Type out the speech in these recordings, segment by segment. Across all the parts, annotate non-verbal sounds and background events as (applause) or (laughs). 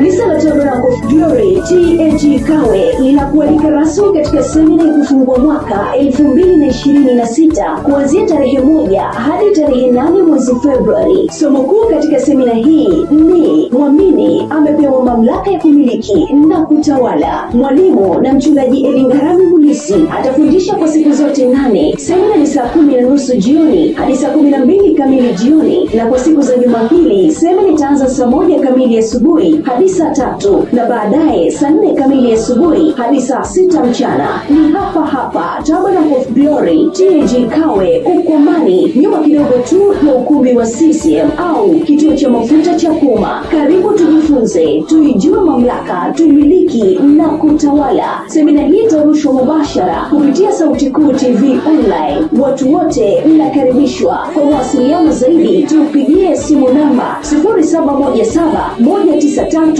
Kanisa la Tabernacle of Glory TAG Kawe linakualika rasmi katika semina ya kufungua mwaka 2026 kuanzia tarehe moja hadi tarehe nane mwezi Februari. Somo kuu katika semina hii ni mwamini amepewa mamlaka ya kumiliki na kutawala. Mwalimu na mchungaji Elingarami Mulisi atafundisha kwa siku zote nane. Semina ni saa kumi na nusu jioni hadi saa kumi na mbili kamili jioni, na kwa siku za Jumapili semina itaanza saa moja kamili asubuhi hadi saa tatu na baadaye saa nne kamili asubuhi hadi saa sita mchana. Ni hapa hapa Tabernacle of Glory TAG Kawe, Ukwamani, nyuma kidogo tu na ukumbi wa CCM au kituo cha mafuta cha kuma Karibu tujifunze, tuijue mamlaka, tumiliki na kutawala. Semina hii itarushwa mubashara kupitia Sauti Kuu TV Online. Watu wote mnakaribishwa. Kwa mawasiliano zaidi tupigie simu namba 071719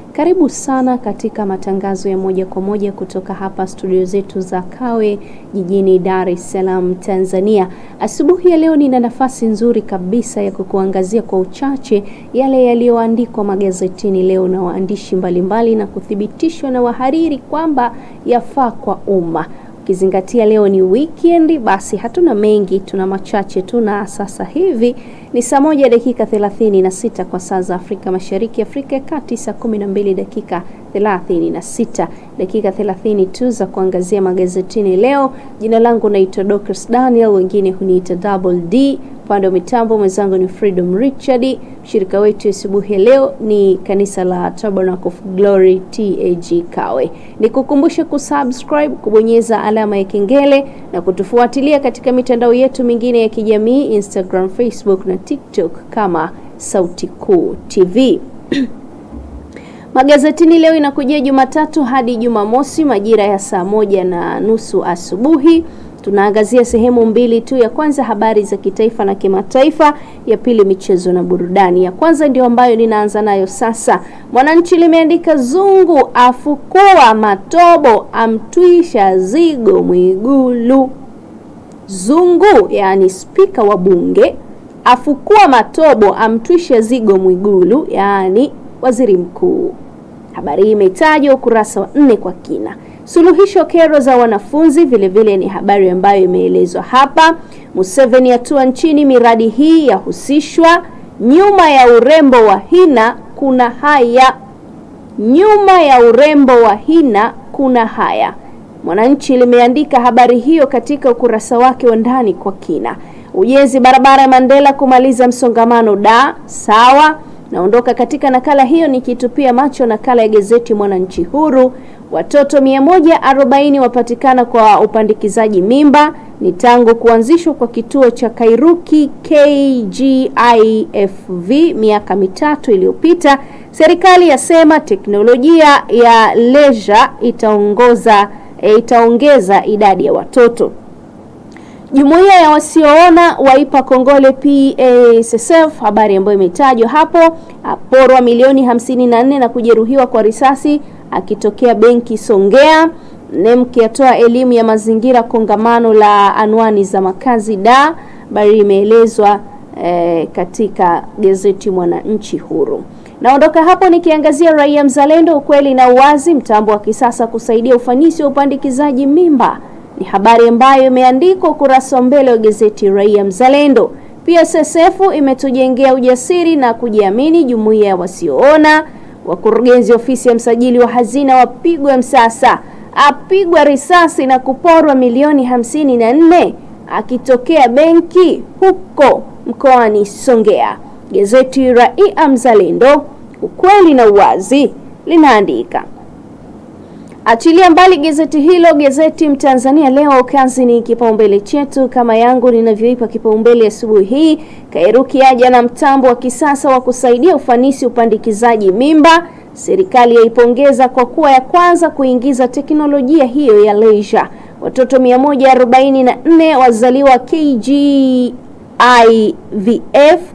Karibu sana katika matangazo ya moja kwa moja kutoka hapa studio zetu za Kawe jijini Dar es Salaam, Tanzania. Asubuhi ya leo nina nafasi nzuri kabisa ya kukuangazia kwa uchache yale yaliyoandikwa magazetini leo na waandishi mbalimbali na kuthibitishwa na wahariri kwamba yafaa kwa umma. Ukizingatia leo ni weekend, basi hatuna mengi, tuna machache tu na sasa hivi ni saa moja dakika 36 kwa saa za Afrika Mashariki, Afrika ya Kati saa 12 dakika 36, dakika 30 tu za kuangazia magazetini leo. Jina langu naitwa Dorcas Daniel, wengine huniita Double D. Upande wa mitambo mwenzangu ni Freedom Richard. Mshirika wetu asubuhi ya leo ni kanisa la Tabernacle of Glory TAG Kawe. Nikukumbushe kusubscribe, kubonyeza alama ya kengele na kutufuatilia katika mitandao yetu mingine ya kijamii Instagram, Facebook na TikTok kama Sauti Kuu TV. (clears throat) Magazetini leo inakujia Jumatatu hadi Jumamosi majira ya saa moja na nusu asubuhi. Tunaangazia sehemu mbili tu. Ya kwanza habari za kitaifa na kimataifa, ya pili michezo na burudani. Ya kwanza ndio ambayo ninaanza nayo sasa. Mwananchi limeandika Zungu afukua Matobo amtwisha zigo Mwigulu. Zungu, yaani spika wa bunge afukua matobo amtwisha zigo Mwigulu, yaani waziri mkuu. Habari hii imetajwa ukurasa wa nne kwa kina. Suluhisho kero za wanafunzi vilevile vile ni habari ambayo imeelezwa hapa. Museveni atua nchini, miradi hii yahusishwa. Nyuma ya urembo wa hina kuna haya, nyuma ya urembo wa hina kuna haya. Mwananchi limeandika habari hiyo katika ukurasa wake wa ndani kwa kina. Ujenzi barabara ya Mandela kumaliza msongamano da sawa. Naondoka katika nakala hiyo nikitupia macho nakala ya gazeti Mwananchi Huru. Watoto 140 wapatikana kwa upandikizaji mimba, ni tangu kuanzishwa kwa kituo cha Kairuki KGIFV miaka mitatu iliyopita. Serikali yasema teknolojia ya leisure itaongoza itaongeza idadi ya watoto. Jumuiya ya wasioona waipa kongole PASSF, habari ambayo imetajwa hapo. Aporwa milioni 54 na kujeruhiwa kwa risasi akitokea benki Songea. NEMC atoa elimu ya mazingira kongamano la anwani za makazi da, habari imeelezwa eh, katika gazeti Mwananchi Huru. Naondoka hapo nikiangazia Raia Mzalendo, ukweli na uwazi, mtambo wa kisasa kusaidia ufanisi wa upandikizaji mimba. Ni habari ambayo imeandikwa ukurasa wa mbele wa gazeti Raia Mzalendo. Pia SSF imetujengea ujasiri na kujiamini, jumuiya ya wasioona. Wakurugenzi ofisi ya msajili wa hazina wapigwa msasa, apigwa risasi na kuporwa milioni 54 akitokea benki huko mkoani Songea. Gazeti Raia Mzalendo, ukweli na uwazi, linaandika Achilia mbali gazeti hilo, gazeti Mtanzania Leo, kazi ni kipaumbele chetu, kama yangu ninavyoipa kipaumbele asubuhi hii. Kairuki aja na mtambo wa kisasa wa kusaidia ufanisi upandikizaji mimba, serikali yaipongeza kwa kuwa ya kwanza kuingiza teknolojia hiyo ya leisure. Watoto 144 wazaliwa KGIVF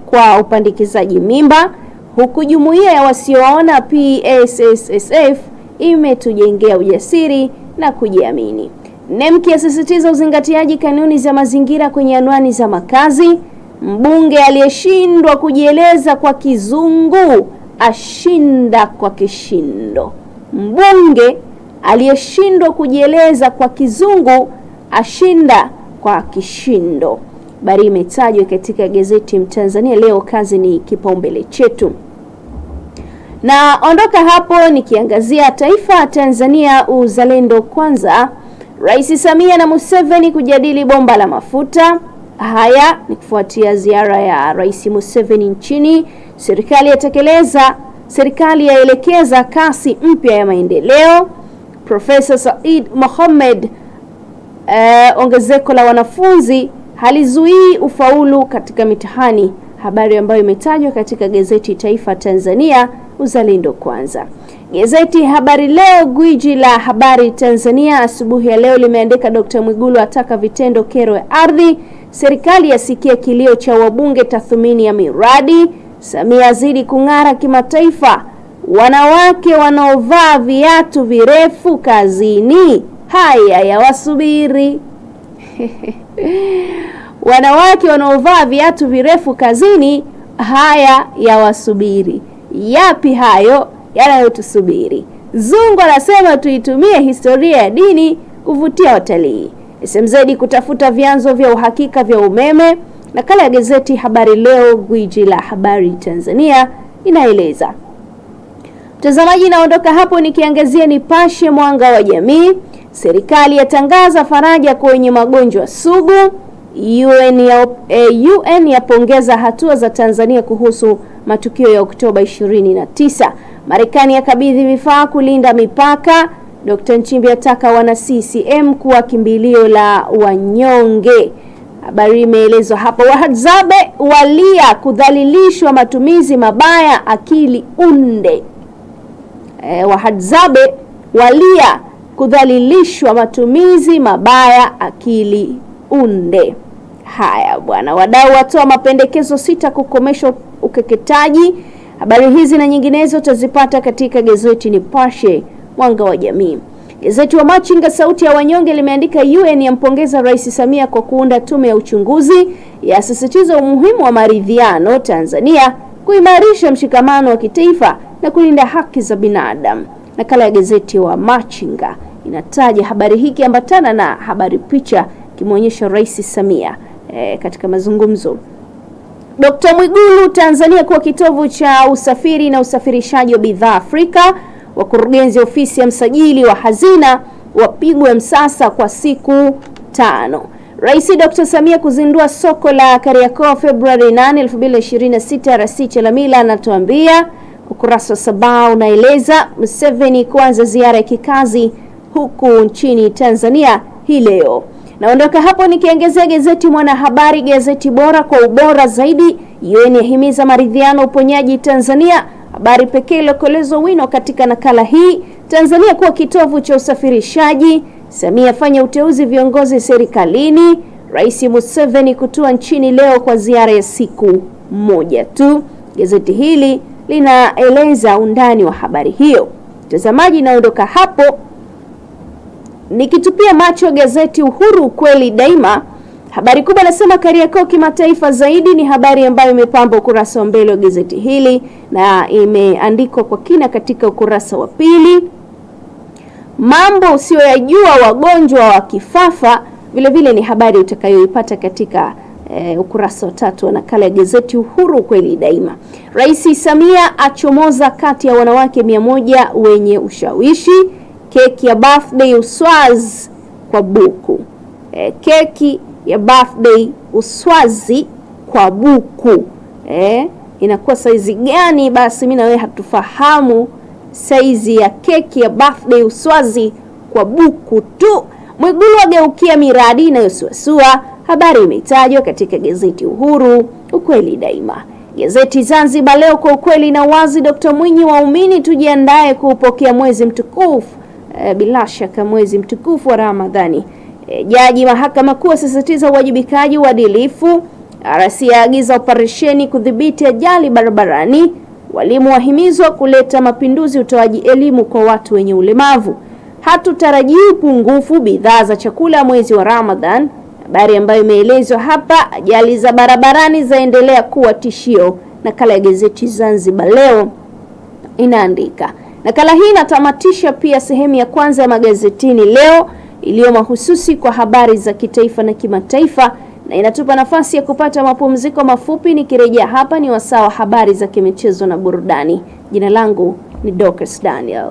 kwa upandikizaji mimba, huku jumuiya ya wasioona PSSSF imetujengea ujasiri na kujiamini. Nemki asisitiza uzingatiaji kanuni za mazingira kwenye anwani za makazi. Mbunge aliyeshindwa kujieleza kwa kizungu ashinda kwa kishindo. Mbunge aliyeshindwa kujieleza kwa kizungu ashinda kwa kishindo. Habari imetajwa katika gazeti Mtanzania leo. Kazi ni kipaumbele chetu. Naondoka hapo nikiangazia taifa Tanzania, uzalendo kwanza. Rais Samia na Museveni kujadili bomba la mafuta. Haya ni kufuatia ziara ya Rais Museveni nchini. Serikali yatekeleza, serikali yaelekeza kasi mpya ya maendeleo. Profesa Said Mohamed, eh, ongezeko la wanafunzi halizuii ufaulu katika mitihani, habari ambayo imetajwa katika gazeti Taifa Tanzania uzalendo kwanza. Gazeti Habari Leo, gwiji la habari Tanzania, asubuhi ya leo limeandika Dr. Mwigulu ataka vitendo kero ya ardhi, serikali yasikia kilio cha wabunge, tathmini ya miradi, Samia azidi kung'ara kimataifa, wanawake wanaovaa viatu virefu kazini, haya yawasubiri (laughs) wanawake wanaovaa viatu virefu kazini, haya yawasubiri. Yapi hayo yanayotusubiri? Zungu anasema tuitumie historia ya dini kuvutia watalii. SMZ kutafuta vyanzo vya uhakika vya umeme. Nakala ya gazeti Habari Leo, gwiji la habari Tanzania, inaeleza mtazamaji. Naondoka hapo nikiangazia Nipashe Mwanga wa Jamii. Serikali yatangaza faraja kwa wenye magonjwa sugu. UN eh, yapongeza eh, hatua za Tanzania kuhusu matukio ya Oktoba 29. Marekani yakabidhi vifaa kulinda mipaka. Dkt. Nchimbi ataka wana CCM kuwa kimbilio la wanyonge. Habari imeelezwa hapo. Wahadzabe walia kudhalilishwa, matumizi mabaya akili unde. E, wahadzabe walia kudhalilishwa, matumizi mabaya akili unde. Haya bwana, wadau watoa mapendekezo sita kukomesha ukeketaji. Habari hizi na nyinginezo utazipata katika gazeti Nipashe Mwanga wa Jamii. Gazeti wa Machinga Sauti ya Wanyonge limeandika UN yampongeza Rais Samia kwa kuunda tume ya uchunguzi, yasisitiza umuhimu wa maridhiano Tanzania kuimarisha mshikamano wa kitaifa na kulinda haki za binadamu. Nakala ya gazeti wa Machinga inataja habari hii kiambatana na habari picha kimwonyesha Rais Samia eh, katika mazungumzo. Dkt. Mwigulu, Tanzania kuwa kitovu cha usafiri na usafirishaji wa bidhaa Afrika. Wakurugenzi ofisi ya msajili wa hazina wapigwe msasa kwa siku tano. Rais Dkt. Samia kuzindua soko la Kariakoo Februari 8, 2026. RC Chalamila anatuambia ukurasa wa saba unaeleza Museveni kuanza ziara ya kikazi huku nchini Tanzania hii leo. Naondoka hapo nikiongezea gazeti Mwanahabari, gazeti bora kwa ubora zaidi. UN yahimiza maridhiano uponyaji Tanzania, habari pekee iliyokolezwa wino katika nakala hii. Tanzania kuwa kitovu cha usafirishaji. Samia afanya uteuzi viongozi serikalini. Rais Museveni kutua nchini leo kwa ziara ya siku moja tu. Gazeti hili linaeleza undani wa habari hiyo. Mtazamaji, naondoka hapo Nikitupia macho gazeti Uhuru ukweli daima, habari kubwa nasema Kariakoo kimataifa zaidi, ni habari ambayo imepamba ukurasa wa mbele wa gazeti hili na imeandikwa kwa kina katika ukurasa wa pili. Mambo usiyoyajua wagonjwa wa kifafa, vilevile ni habari utakayoipata katika E, ukurasa wa tatu wa nakala ya gazeti Uhuru ukweli daima. Rais Samia achomoza kati ya wanawake mia moja wenye ushawishi keki ya birthday uswazi kwa buku e, keki ya birthday uswazi kwa buku e, inakuwa saizi gani? Basi mimi na wewe hatufahamu saizi ya keki ya birthday uswazi kwa buku tu. Mwigulu ageukia miradi inayosuasua. Habari imetajwa katika gazeti Uhuru, ukweli daima. Gazeti Zanzibar Leo, kwa ukweli na wazi. Dkt Mwinyi, waumini tujiandae kuupokea mwezi mtukufu e, eh, bila shaka mwezi mtukufu wa Ramadhani. E, jaji mahakama kuu asisitiza uwajibikaji, uadilifu. RC aagiza operesheni kudhibiti ajali barabarani. Walimu wahimizwa kuleta mapinduzi utoaji elimu kwa watu wenye ulemavu. Hatutarajii pungufu bidhaa za chakula mwezi wa Ramadhan, habari ambayo imeelezwa hapa. Ajali za barabarani zaendelea kuwa tishio. Nakala ya gazeti Zanzibar leo inaandika Nakala hii inatamatisha pia sehemu ya kwanza ya magazetini leo iliyo mahususi kwa habari za kitaifa na kimataifa, na inatupa nafasi ya kupata mapumziko mafupi. Nikirejea hapa ni wasaa wa habari za kimichezo na burudani. Jina langu ni Dorcas Daniel.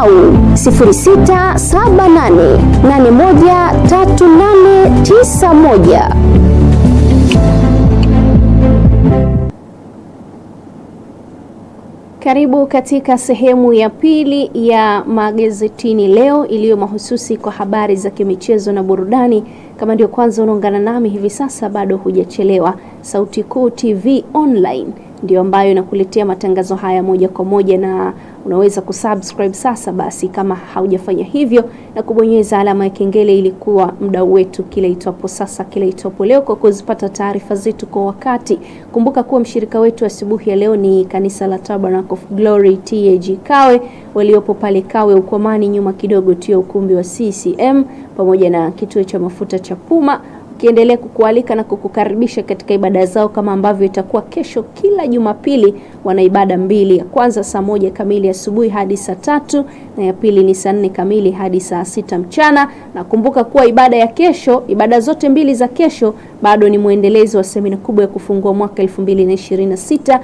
au 0678813891. Karibu katika sehemu ya pili ya magazetini leo iliyo mahususi kwa habari za kimichezo na burudani. Kama ndio kwanza unaungana nami hivi sasa, bado hujachelewa. Sauti Kuu TV Online ndio ambayo inakuletea matangazo haya moja kwa moja na unaweza kusubscribe sasa basi, kama haujafanya hivyo, na kubonyeza alama ya kengele ili kuwa mdau wetu kila itwapo sasa, kila itwapo leo, kwa kuzipata taarifa zetu kwa wakati. Kumbuka kuwa mshirika wetu asubuhi ya leo ni kanisa la Tabernacle of Glory TAG Kawe, waliopo pale Kawe Ukwamani, nyuma kidogo tu ya ukumbi wa CCM pamoja na kituo cha mafuta cha Puma kiendelea kukualika na kukukaribisha katika ibada zao kama ambavyo itakuwa kesho. Kila Jumapili wana ibada mbili, ya kwanza saa moja kamili asubuhi hadi saa tatu na ya pili ni saa nne kamili hadi saa sita mchana. Na kumbuka kuwa ibada ya kesho, ibada zote mbili za kesho bado ni mwendelezo wa semina kubwa ya kufungua mwaka 2026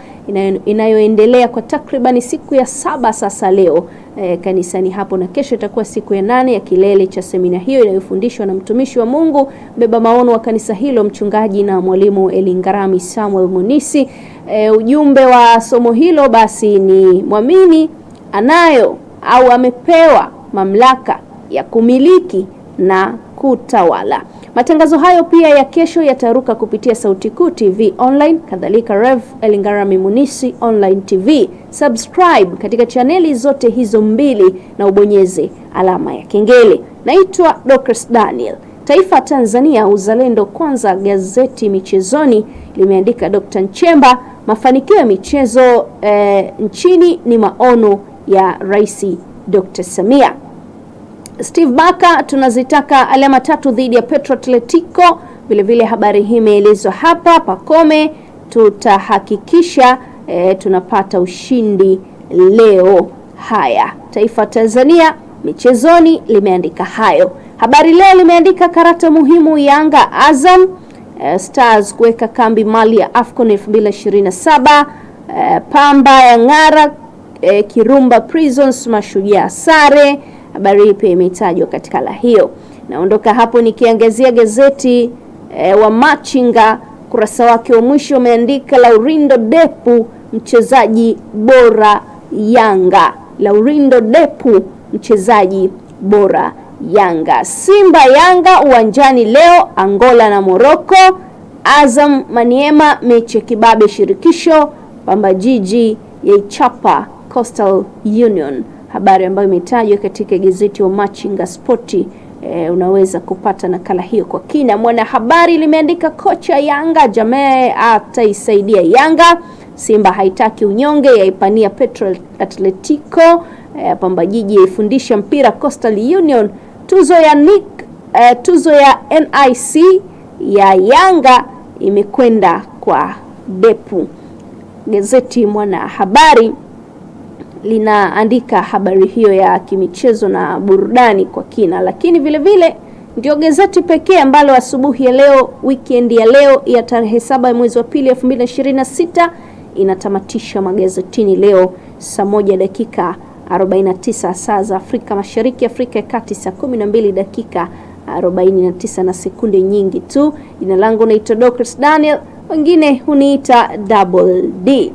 inayoendelea kwa takribani siku ya saba sasa leo eh, kanisani hapo, na kesho itakuwa siku ya nane ya kilele cha semina hiyo inayofundishwa na mtumishi wa Mungu beba maono wa kanisa hilo, mchungaji na mwalimu Elingarami Samuel Munisi. Eh, ujumbe wa somo hilo basi ni mwamini anayo au amepewa mamlaka ya kumiliki na kutawala. Matangazo hayo pia ya kesho yataruka kupitia Sauti Kuu TV online, kadhalika Rev Elingara Mimunisi online TV. Subscribe katika chaneli zote hizo mbili na ubonyeze alama ya kengele. Naitwa Dorcas Daniel, Taifa Tanzania, uzalendo kwanza. Gazeti michezoni limeandika Dr. Nchemba, mafanikio ya michezo eh, nchini ni maono ya Rais Dr. Samia. Steve Baka tunazitaka alama tatu dhidi ya Petro Atletico. Vilevile habari hii imeelezwa hapa. Pacome tutahakikisha e, tunapata ushindi leo. Haya, Taifa Tanzania michezoni limeandika hayo. Habari Leo limeandika karata muhimu Yanga Azam e, Stars kuweka kambi Mali ya Afcon 2027 e, eh, Pamba ya ng'ara e, Kirumba Prisons mashujaa sare Habari hii pia imetajwa katika la hiyo. Naondoka hapo nikiangazia gazeti e, wa Machinga kurasa wake wa mwisho umeandika Laurindo Depu mchezaji bora Yanga. Laurindo Depu mchezaji bora Yanga. Simba Yanga uwanjani leo Angola na Morocco. Azam Maniema mechi ya kibabe shirikisho. Pamba Jiji yaichapa Coastal Union habari ambayo imetajwa katika gazeti wa Machinga Spoti. E, eh, unaweza kupata nakala hiyo kwa kina. Mwanahabari limeandika kocha Yanga Jamee ataisaidia Yanga, Simba haitaki unyonge, yaipania Petro Atletico, e, Pamba Jiji yaifundisha mpira Coastal Union, tuzo ya NIC, e, eh, tuzo ya NIC ya Yanga imekwenda kwa Depu. Gazeti Mwanahabari linaandika habari hiyo ya kimichezo na burudani kwa kina, lakini vile vile ndio gazeti pekee ambalo asubuhi ya leo, weekend ya leo ya tarehe saba ya mwezi wa pili 2026 inatamatisha magazetini leo saa moja dakika 49 saa za Afrika Mashariki, Afrika ya Kati saa 12 dakika 49 na sekunde nyingi tu. Jina langu naitwa Dorcas Daniel, wengine huniita Double D.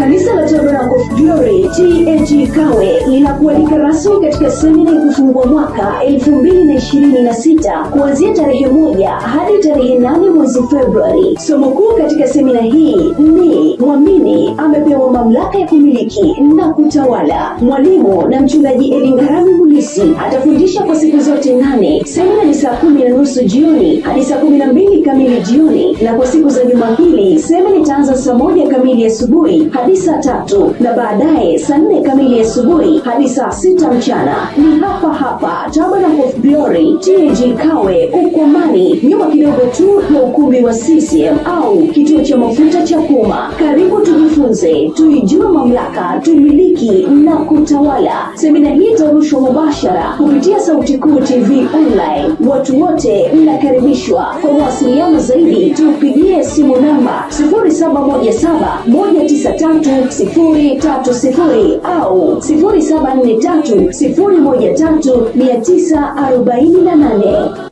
Kanisa la Tabernacle of Glory TAG Kawe linakualika rasmi katika semina ya kufungua mwaka 2026 kuanzia tarehe moja hadi tarehe nane mwezi Februari. Somo kuu katika semina hii ni mwamini amepewa mamlaka ya kumiliki na kutawala. Mwalimu na mchungaji Elingarami Mulisi atafundisha kwa siku zote nane. Semina ni saa kumi na nusu jioni hadi saa kumi na mbili kamili jioni, na kwa siku za Jumapili semina itaanza saa moja kamili asubuhi hadi hadi saa tatu na baadaye saa nne kamili asubuhi hadi saa sita mchana. Ni hapa hapa Tabernacle Glory TAG Kawe, ukomani nyuma kidogo tu na ukumbi wa CCM au kituo cha mafuta cha kuma Karibu tujifunze, tuijue mamlaka, tumiliki na kutawala. Semina hii itarushwa mubashara kupitia Sauti Kuu TV Online. Watu wote mnakaribishwa. Kwa mawasiliano zaidi tupigie simu namba 0717 tatu sifuri tatu sifuri au sifuri saba nne tatu sifuri moja tatu mia tisa arobaini na nane.